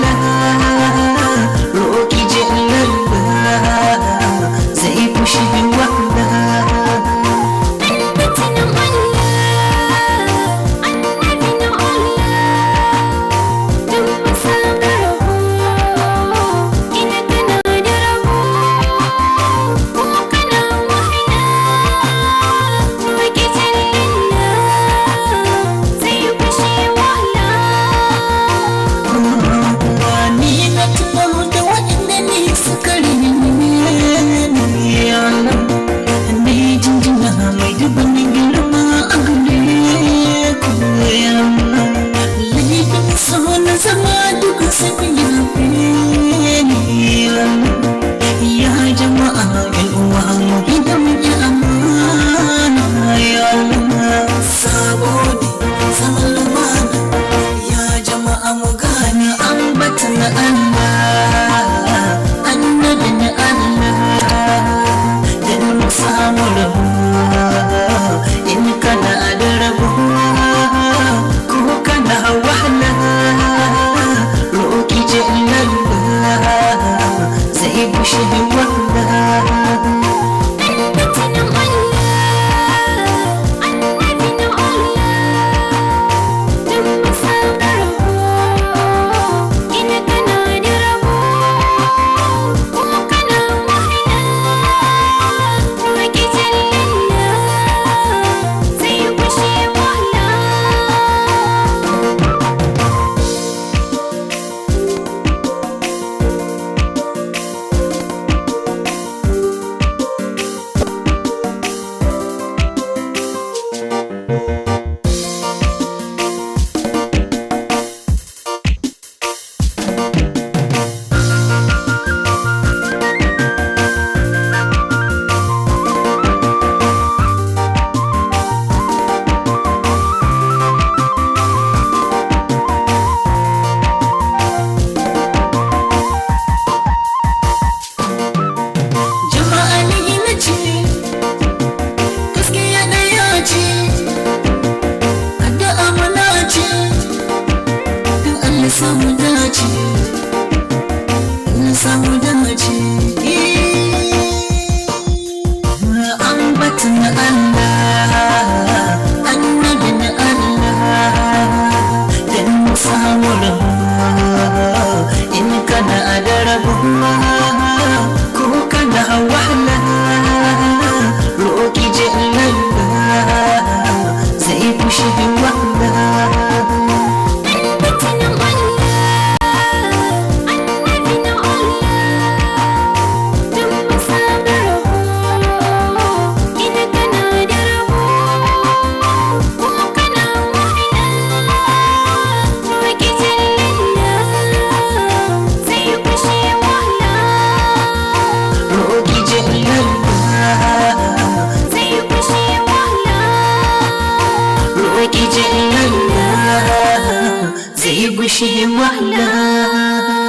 nothing. زي وشي محلاها